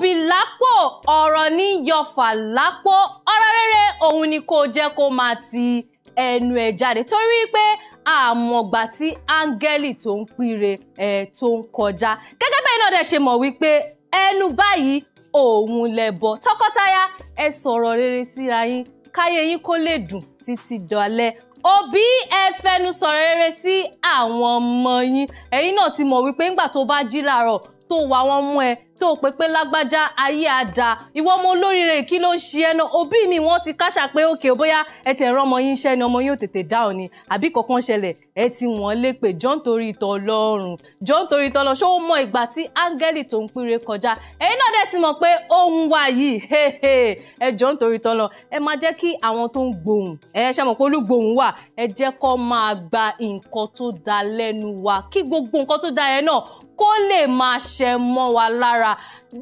òbí lápò ọ̀rọ̀ ní yọfà lápò ọ̀rọ̀ rere òun ni kò jẹ́ kó máa ti ẹnu ẹ̀ jáde torí pé àmọ̀gbà tí áńgẹ́lì tó ń pire ẹ̀ tó ń kọjá gẹ́gẹ́ bẹ́ẹ̀ náà dẹ̀ ṣe mọ̀ wípé ẹnu báyìí òun lẹ̀bọ tọkọtaya ẹ sọ̀rọ̀ rere síra yín káyé yín kó lè dùn títí dọ̀lẹ́ òbí ẹ fẹnu sọ̀rọ̀ rere sí àwọn ọmọ yín ẹ̀yin náà ti mọ̀ wípé ńgbà tó bá jí làárọ̀ tó wà wọ́n mú ẹ tó o pé pé lágbájá ayé àdá ìwọ ọmọ olóríire kí ló ń ṣe ẹ òbí mi wọ́n ti káṣà pé òkè ó bóyá ẹ ti ẹ̀rọ ọmọ yín iṣẹ́ ni ọmọ yín ò tètè dáhùn ni àbí kankan ṣẹlẹ̀ ẹ ti wọ́n lé pé jọ́ nítorí ìtọ́ ọlọ́run jọ́ nítorí ìtọ́ ọlọ́run ṣó o mọ ìgbà tí áńgẹ́lì tó ń píre kọjá ẹ̀yin náà dẹ̀ ti mọ̀ pé ohun wa yìí ẹ jọ́ nítorí ìtọ́ ọlọ́run ẹ máa jẹ́ kí àwọn tó ń gbóhùn ẹ ṣe mọ̀ pé olúgbóhùn wà ẹ jẹ́ kó máa gba nǹkan tó da lẹ́nu wa kí gbogbo nǹkan tó da yẹn náà kó lè máa ṣẹ mọ́ wa lára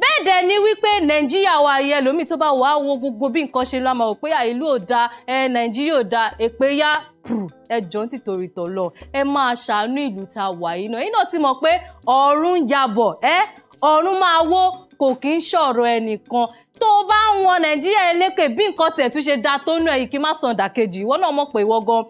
bẹ́ẹ̀ dẹ̀ ni wípé nàìjíríà wa yẹ lómi tó bá wàá wo gbogbo bí nǹkan ṣe lọ́mọ ò pé àìlú ò da ẹ nàìjíríà ò da èpè yá ẹ jọ̀ọ́ ń tìtorí tọ̀lọ̀ ẹ máa ṣàánú ìlú ta wà yìí náà yìí náà ti mọ̀ pé ọ̀run yabọ̀ ẹ ọ̀run máa wó kò kí ń ṣọ̀rọ̀ ẹnìkan tó o bá ń wọn nàìjíríà eléke bí nǹkan tẹ̀ tún ṣe da tó nù ẹ̀ yìí kí má sàn dàkejì ìwọ náà mọ̀ pé ìwọ gan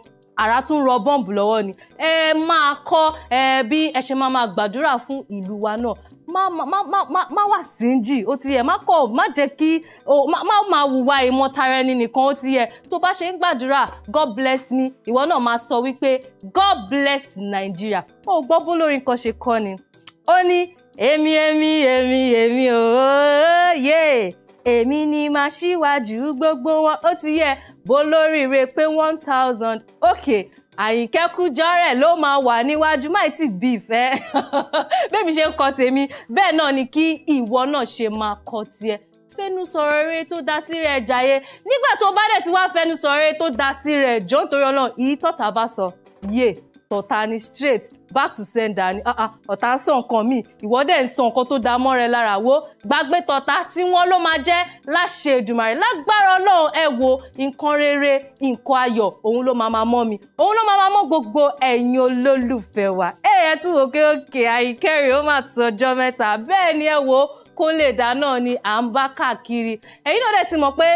àrà tún rọ bọ́ǹbù lọ́wọ́ ni ẹ máa kọ́ ẹ bí ẹ ṣe máa máa gbàdúrà fún ìlú wa náà má má má má wà síńjì ó ti yẹ má kọ má jẹ́ kí má má wùwà ìmọ̀ tara ẹni nìkan ó ti yẹ tó bá ṣe ń gbàdúrà god bless me ìwọ náà máa sọ wípé god bless Nigeria ó gbọ́ bó lórin kan ṣe kọ́ ni ó ní èmi èmi èmi èmi èmi ni màá ṣíwájú gbogbo wọn ó ti yẹ bó lóríire pé one thousand okay àyìnkẹ́ Kújọ́rẹ̀ ló máa wà níwájú máì tí bí ìfẹ́ bẹ́ẹ̀mi ṣe ń kọ tèmi bẹ́ẹ̀ náà ni kí ìwọ náà ṣe máa kọ tiẹ̀ fẹnu sọ̀rọ̀ eré tó dá sí rẹ̀ jàyè nígbà tó bá dẹ̀ ti wá fẹnu sọ̀rọ̀ eré tó dá sí rẹ̀ jọ́ nítorí bá sọ yé tọ̀tà straight back to sender ni ah, ah, ọ̀tá ń sọ nǹkan míì ìwọ dẹ̀ ń sọ nǹkan tó da mọ́ rẹ lára wo gbàgbé tọ̀tà tí wọ́n ló máa jẹ́ láṣẹ Èdùmàrè lágbára ọlọ́run ẹ wo nǹkan rere nǹkan ayọ̀ òun ló máa máa mọ́ mi òun ló máa máa mọ́ gbogbo ẹ̀yin olólùfẹ́ wa ẹ ẹ tún wò pé òkè àìkẹ́rì ó máa tó ọjọ́ mẹ́ta bẹ́ẹ̀ ni ẹ wo Kúnlé Ìdáná ni à ń bá káàkiri ẹ̀yin náà dẹ̀ ti mọ̀ pé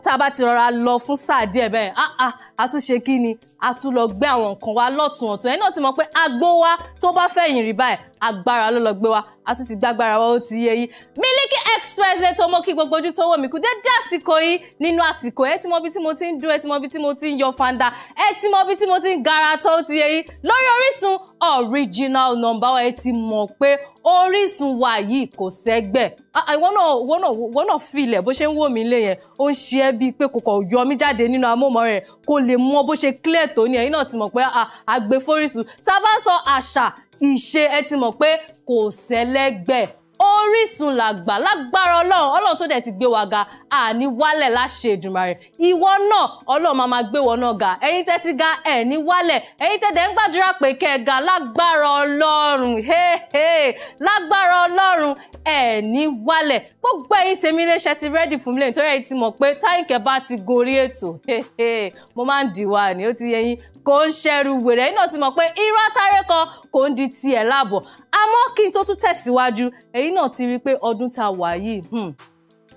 tá a bá ti rọra lọ fún sáà díẹ̀ bẹ́ẹ̀ ah ah a tún ṣe kí ni a tún lọ gbé àwọn nǹkan wa lọ́tún ọ̀tún náà ti mọ̀ pé agbó wa tó bá fẹ̀yìn rí báyìí agbára ló lọ gbé wa a tún ti gbágbára wa ó ti yé yín Miliki Express lè tó mọ́ kí gbogbo ojú tó wò mí kú dédé àsìkò yìí nínú àsìkò ẹ ti mọ ibi tí mo ti ń dúró ẹ ti mọ ibi tí mo ti ń yọ fanda ẹ ti mọ ibi tí mo ti ń gara tó ti yé yín lórí Orísun original number ẹ ti mọ̀ pé Orísun wa yìí kò sẹ́gbẹ́ ah, ah, ìwọ náà ìwọ náà ìwọ náà filẹ̀ bó ṣe ń wò mí lé yẹn ó ń ṣe ẹ́ bíi pé kò kọ̀ yọ mí jáde nínú amóhùnmọ́ rẹ̀ kò lè mọ bó ṣe clear tó ní ẹ̀yin náà ti mọ̀ pé àgbẹ̀fórísùn ah, tá a bá sọ àṣà ìṣe ẹ ti mọ̀ pé kò sẹ́lẹ́gbẹ́ orísun làgbà lágbára ọlọ́run ọlọ́run tó dẹ̀ ti gbé wa ga àní wálẹ̀ láṣẹ Èdùmàrè ìwọ náà ọlọ́run máa gbé wọn náà ga ẹ̀yin tẹ́ ti ga ẹ̀ ní wálẹ̀ ẹ̀yin tẹ́ dẹ̀ ń gbàdúrà pé kẹ́ ẹ ga lágbára ọlọ́run lágbára ọlọ́run ẹ̀ ní wálẹ̀ gbogbo ẹ̀yin tèmi iléeṣẹ́ ti rẹ́dì fún mi lẹ́yìn tó rẹ̀ ti mọ̀ pé táyìnkẹ́ bá ti gorí ètò mo máa ń dìwà ni ó ti yẹ yín kò ń ṣẹrù wèrè iná ti mọ̀ pé irọ́ táré kan kò ń di tiẹ̀ láàbọ̀ àmọ́ kí n tó tún tẹ̀síwájú èyí náà ti rí i pé ọdún tá a wà yìí hmm,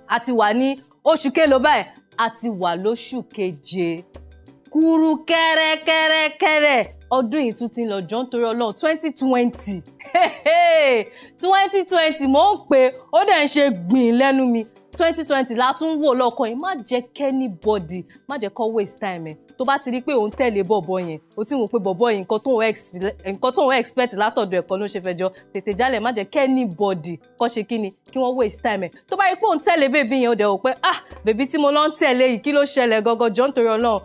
a ti wà ní oṣù kélo báyìí a ti wà lóṣù keje kúrú kẹ́rẹ́kẹ́rẹ́kẹ́rẹ́ ọdún yìí tún ti ń lọ jọ nítorí ọlọ́run twenty twenty twenty twenty mò ń pè ó dẹ̀ ń ṣe gbìn lẹ́nu mi twenty twenty la wò lọ́kàn yìí má jẹ́ kẹ́nìbọ̀dì má jẹ́ kó waste time ẹ̀ tó bá ti rí pé òun tẹ̀lé bọ̀bọ̀ yẹn o ti wò pé bọ̀bọ̀ yẹn nǹkan tóun expect látọ̀dọ̀ ẹ̀kọ́ ló ṣe fẹjọ́ tètè jálẹ̀ má jẹ́ kẹ́nìbọ̀dì kọ́ ṣe kí ni kí wọ́n waste time ẹ̀ tó bá rí pé òun tẹ̀lé bèbí yẹn ó dẹ̀ wò pé ah bèbí tí mo lọ ń tẹ̀lé yìí kí ló ṣẹlẹ̀ gọ́gọ́ jọ́ nítorí ọlọ́run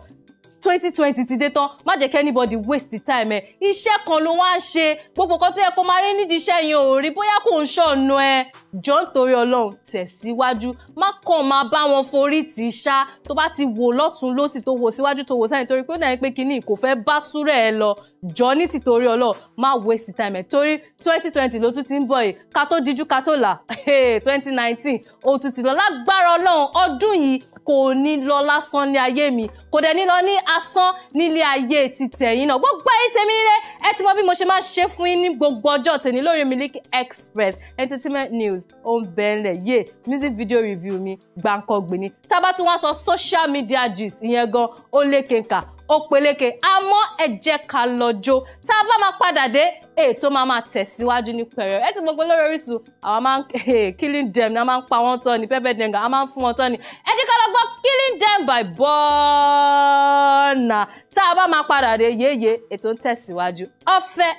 twenty twenty ti dé tán má jẹ́ kí anybody waste the time ẹ̀ iṣẹ́ kan ló wá ń ṣe gbogbo kan tó yẹ kó máa rí nídìí iṣẹ́ yẹn ò rí bóyá kò ń ṣọ̀nà ẹ̀ jọ ń ọlọ́run tẹ̀síwájú má kàn máa bá wọn forí tì í ṣá tó bá ti wò lọ́tún lọ́sì tó wò síwájú tó wò sẹ́yìn torí pé ó dàbí pé kinní kò fẹ́ bá súrẹ̀ ẹ lọ jọ ní ti ọlọ́run má waste time ẹ̀ torí twenty twenty ló tún ti ń bọ̀ yìí ká tó díjú ká tó là twenty nineteen ó tún ti lọ lágbára ọlọ́run ọdún yìí kò ní lọ lásán ní ayé mi kò dẹ̀ ní lọ ní asán nílé ayé ti tẹ̀yìn náà gbogbo ẹ̀yin tèmi nílé ẹ ti mọ bí mo ṣe máa ṣe fún yín ní gbogbo ọjọ́ tèmi lórí Miliki Express entertainment news ohun bẹ́ẹ̀lẹ̀ yé music video review mi gbàǹkọ̀gbìn ni tábà tí wọ́n sọ social media gist ìyẹn gan ó lékenkà ó peléke àmọ́ ẹ jẹ́ ká lọ jó tá a bá máa padà dé ètò máa máa tẹ̀síwájú ní pẹ̀rẹ̀ ẹ ti mọ̀ lórí Orísun àwa máa ń eh, killing dem ni a máa ń pa wọ́n tán ni pẹ́pẹ́ dẹ̀ngà a máa ń fún wọn tán ni ẹ jẹ́ ká killing dem by Burna tá a bá máa padà dé yéye ètò ń tẹ̀síwájú ọ̀fẹ́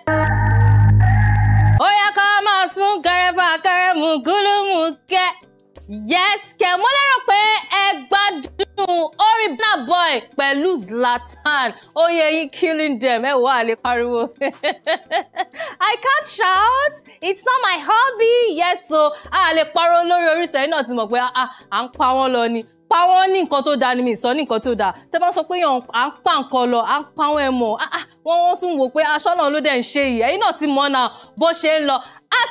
ó yẹ ká máa sún kẹrẹfà kẹrẹmù gúlùmù kẹ yes kẹ mo lérò pé ẹ gbádùn orin Burna Boy pẹ̀lú Zlatan oyè yín killing dem ẹ wà lè pariwo i can't shout it's not my hobby yes so a lè pariwo lórí Orísun ẹ̀yin náà ti mọ̀ pé ah, ah, à ń pa wọ́n lọ ni pa wọ́n ní nǹkan tó dáa ni mi sọ ní nǹkan tó dáa tẹ́ bá sọ pé yàn à ń pa nǹkan lọ à ń pa wọ́n ẹ̀ mọ̀ ah, wọ́n wọ́n tún wò pé aṣọ́nà ló dẹ̀ ń ṣe yìí ẹ̀yin náà ti mọ̀ náà bó ṣe ń lọ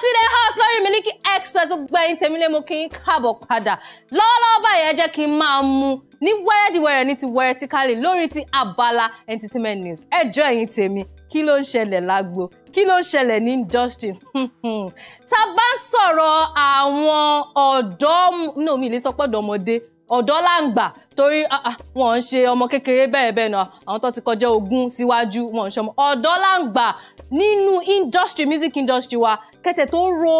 sí the house lórí Miliki Express gbogbo ẹ̀yin tèmi lé mo kí n káàbọ̀ padà lọ́wọ́lọ́wọ́ báyìí ẹ jẹ́ kí n máa mu ní wẹ́rẹ́díwẹ́rẹ́ ní ti wẹ́rẹ́tíkálì lórí ti abala entertainment news ẹjọ́ ẹ̀yin tèmi kí ló ń ṣẹlẹ̀ lágbo kí ló ń ṣẹlẹ̀ ní industry hmm, hmm. tá a bá sọ̀rọ̀ àwọn ọ̀dọ́ no mi lè sọ pé ọ̀dọ́mọdé ọ̀dọ́ làǹgbà torí ah, ah, wọn ń ṣe ọmọ kékeré bẹ́ẹ̀ bẹ́ẹ̀ náà àwọn tó ti kọjá ogún síwájú wọn ń ṣọmọ ọ̀dọ́ làǹgbà nínú industry music industry wa kẹ̀tẹ̀ tó ro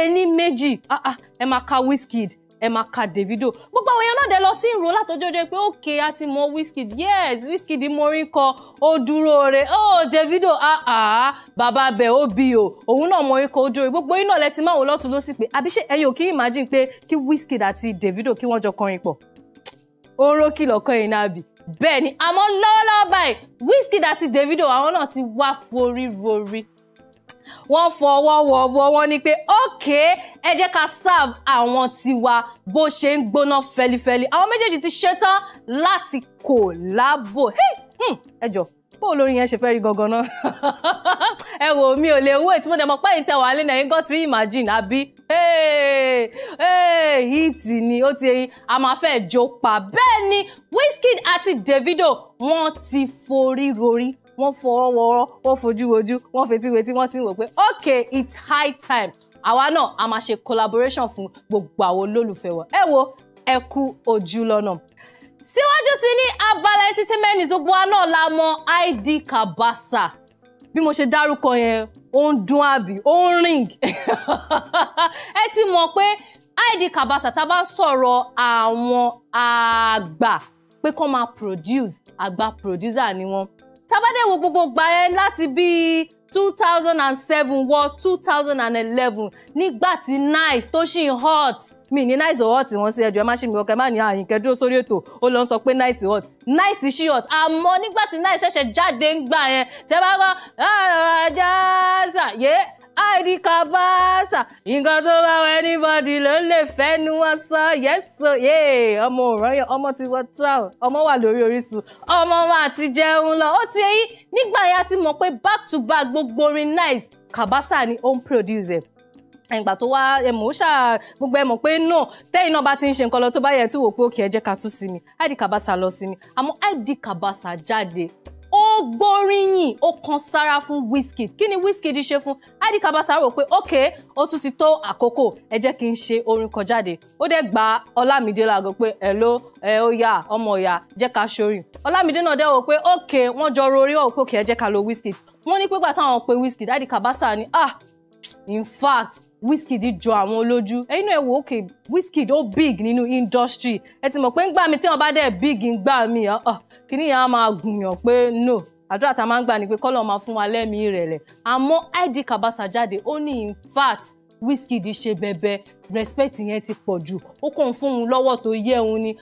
ẹni méjì ah, ẹ máa ka Wizkid ẹ máa ka Davido gbogbo àwọn èèyàn náà dẹ̀ lọ tí ń ro látọjọ́jọ́ pé òkè a ti mọ Wizkid yes Wizkid morin kọ ó dúró re ó oh, Davido àá ah, ah. bàbá bẹ̀ ó bí o òun náà morin kọ ó dúró gbogbo iná lẹ ti máa wò lọ́tún ló sì pé àbí ṣe ẹ̀yin ò kí imagine pé kí Wizkid àti Davido kí wọ́n jọ kọrin pọ̀ ó ń rókìlọ̀ kọ́ ẹ̀yin náà bì bẹ́ẹ̀ ni àmọ́ lọ́wọ́lọ́wọ́ báyìí Wizkid àti Davido àwọn náà ti wá forí rorí wọ́n fọwọ́ wọ̀wọ́ wọ́n ní pé ókè ẹ jẹ́ ká serve àwọn tiwa bó ṣe ń gbóná fẹlifẹli àwọn méjèèjì ti ṣetán láti kòlábò hmm, ẹ jọ bó olórin yẹn ṣe fẹ́ rí gangan náà ẹ wò mí ò lè wait mo dẹ̀ mọ̀ pé ẹ̀yin tẹ̀ wà lé náà yín gan ti imagine àbí hit ni ó ti eyín a máa fẹ́ jó pa bẹ́ẹ̀ ni Wizkid àti Davido wọ́n ti forí rorí wọ́n fọwọ́wọ́rọ́ wọ́n fojú wojú wọ́n fetí wetí wọ́n ti ń wò pé okay it's high time àwa náà a máa ṣe collaboration fún gbogbo àwọn olólùfẹ́ wa ẹ wo ẹ kú ojú lọ́nà síwájú sí ní abala entertainment gbogbo wa náà la mọ id kabasa bí mo ṣe dárúkọ yẹn ó ń dún àbí ó ń ring ẹ ti mọ̀ pé id kabasa tá a bá sọ̀rọ̀ àwọn àgbà pé kó máa produce àgbà producer ni wọ́n tábàdé wo gbogbo gbà yẹn láti bíi two thousand and seven wọ two thousand and eleven nígbà tí nice tó ṣì ń hot mi ní nice hot wọn sí ẹjọ ẹ má ṣe mi ọkẹ má ní àyìnkẹ dúró sórí ètò ó lọ sọ pé nice hot nice ṣì hot àmọ́ nígbà tí nice ṣẹ̀ṣẹ̀ jáde ń gbà yẹn tẹ bá gbọ́ ẹjọ ẹjọ yé id kabasa nǹkan tó bá wọ anybody ló lè fẹ́ ni wọ́n sọ yẹ́sọ yéè ọmọ òrànyàn ọmọ ti wọ táwọn ọmọ wà lórí Orísun ọmọ wa àti jẹun lọ ó ti eyín nígbà yẹn a ti mọ̀ pé back to back gbogbo orin nice kabasa ni home producer ìgbà tó wá ẹmọ ó ṣáà gbogbo ẹmọ pé náà tẹ́yìn náà bá ti ń ṣe nǹkan lọ tó bá yẹ tí wò pé òkè ẹ ká tún sí mi id kabasa lọ sí mi àmọ́ id kabasa jáde ó gbóríyìn ó kan sára fún Wizkid kí ni Wizkid ṣe fún Hadi Kabasa rò pé ok ó tún ti tó àkókò ẹ jẹ́ kí n ṣe orin kan jáde ó dẹ̀ gba Ọlámídé láago pé ẹ ló ẹ ó yá ọmọ ìyá jẹ́ ká ṣorin Ọlámídé náà dẹ̀ wò pé ok wọ́n jọ rorí wọ́n pé ok ẹ jẹ́ ká lo Wizkid wọ́n ní pípa táwọn pe Wizkid Hadi Kabasa ni ah in fact Wizkid jọ àwọn olójú ẹ̀yin náà ẹ wò ókè Wizkid ó big nínú industry ẹ ti mọ̀ pé ńgbà mi tí wọ́n bá dẹ̀ big ńgbà mi ah, ah, kíní yẹn á máa gùnyàn pé no àdúrà tá a máa ń gbà ni pé kọ́lọ̀ máa fún wa lẹ́mìí ìrẹ̀lẹ̀ àmọ́ id kabasa jáde ó ní in fact Wizkid ṣe bẹbẹ respect yẹn ti pọ̀ jù ó kàn fún un lọ́wọ́ tó yẹ òun ni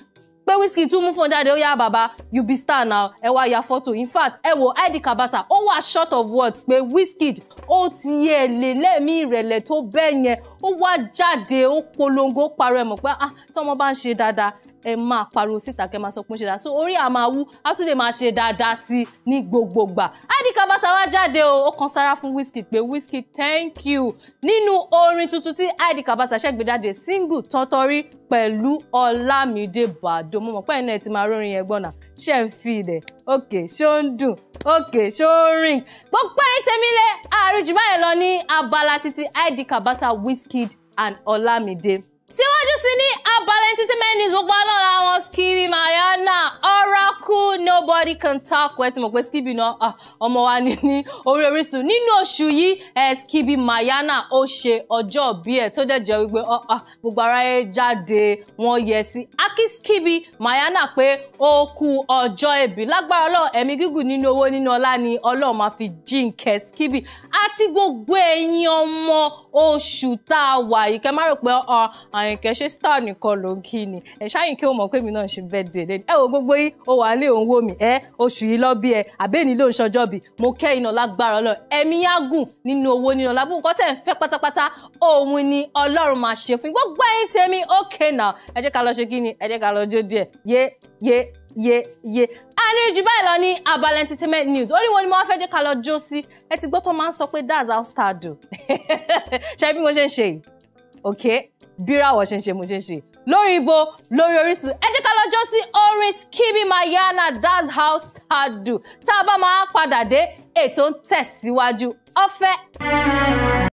pé Wizkid tún mú fún jáde ó yá bàbá you be star now ẹ wá ya fọ́tò in fact ẹ wò Eddie Kabasa ó wà short of words pé Wizkid ó ti ẹ̀ lè lẹ́ẹ̀mí ìrẹ̀lẹ̀ tó bẹ́ẹ̀ yẹn ó wá jáde ó polongo parẹ́ mọ̀ pé ah tọ́mọ bá ń ṣe dáadáa ẹ máa pariwo síta kẹ máa sọ pé ó ń ṣe dáadáa so orí àmàwú á tún lè máa ṣe dáadáa sí i ní gbogbogbà Hadi Kabasa wá jáde o ó kan sára fún Wizkid pé Wizkid thank you nínú orin tuntun tí Hadi Kabasa ṣẹ́gbẹ̀dáde single tọ́tọ́rí pẹ̀lú Ọlámídé Bàdó mo mọ̀ pé ẹ̀nà ẹ̀ ti máa rórin yẹn gbọ́nà ṣe ń fi ilẹ̀ òkè ṣó ń dùn òkè ṣó ń rìn gbogbo ẹ̀yin tèmílẹ̀ àrùjù báyìí lọ ní abala títí Hadi Kabasa Wizkid and Ọlámídé síwájú sí ní abala entertainment news gbogbo alọ́la wọn skibby mayana oracle nobody can talk ẹ ti mọ̀ pé skibby náà ah, ọmọ wa ni ní orí orísun nínú oṣù yìí ẹ skibby mayana ó ṣe ọjọ́ bí ẹ tó dẹ̀ jẹ́ wípé oh, ah, gbogbo ara ẹ jáde wọn yẹ sí aki skibby mayana pé ó kú ọjọ́ ẹbí lágbára ọlọ́run ẹ̀mí gígùn nínú owó nínú ọlá ni ọlọ́run máa fi jíǹkẹ́ skibby àti gbogbo ẹ̀yin ọmọ oṣù tá a wà yìí kẹ́ má rò pé oh, ah, àyìnkẹ́ ṣé star nìkan ló ń kí ni ẹ ṣáyìnkẹ́ ò mọ̀ pé mi náà ṣe birthday lẹ́nu ẹ wo gbogbo yìí ó wà lé òun wò mí ẹ oṣù yìí lọ bí ẹ àbẹ́ni ló ń ṣọjọ́ bí mo kẹ́ iná lágbára ọlọ́run ẹ̀mí yágùn nínú owó nínú ọ̀la tẹ̀ ń fẹ́ pátápátá òun ni ọlọ́run máa ṣe fún gbogbo ẹ̀yin tèmi okay now ẹ jẹ́ ká lọ ṣe kí ni ẹ jẹ́ ká lọ jó díẹ̀ yé yé ye ye àníjù báyìí lọ ní abala entertainment news ó ní wọn ni mo wá fẹ́ jẹ́ ká lọ jó sí ẹ ti gbọ́ tó máa ń sọ pé that's how star do ṣe bí mo ṣe ń ṣe yìí okay bíráwọ̀ ṣe ń ṣe mo ṣe ń ṣe lórí ibo lórí Orísun ẹ jẹ́ ká lọ jó sí orin skibi mayana that's how star do tá a bá máa padà dé ètò ń tẹ̀síwájú ọ̀fẹ́.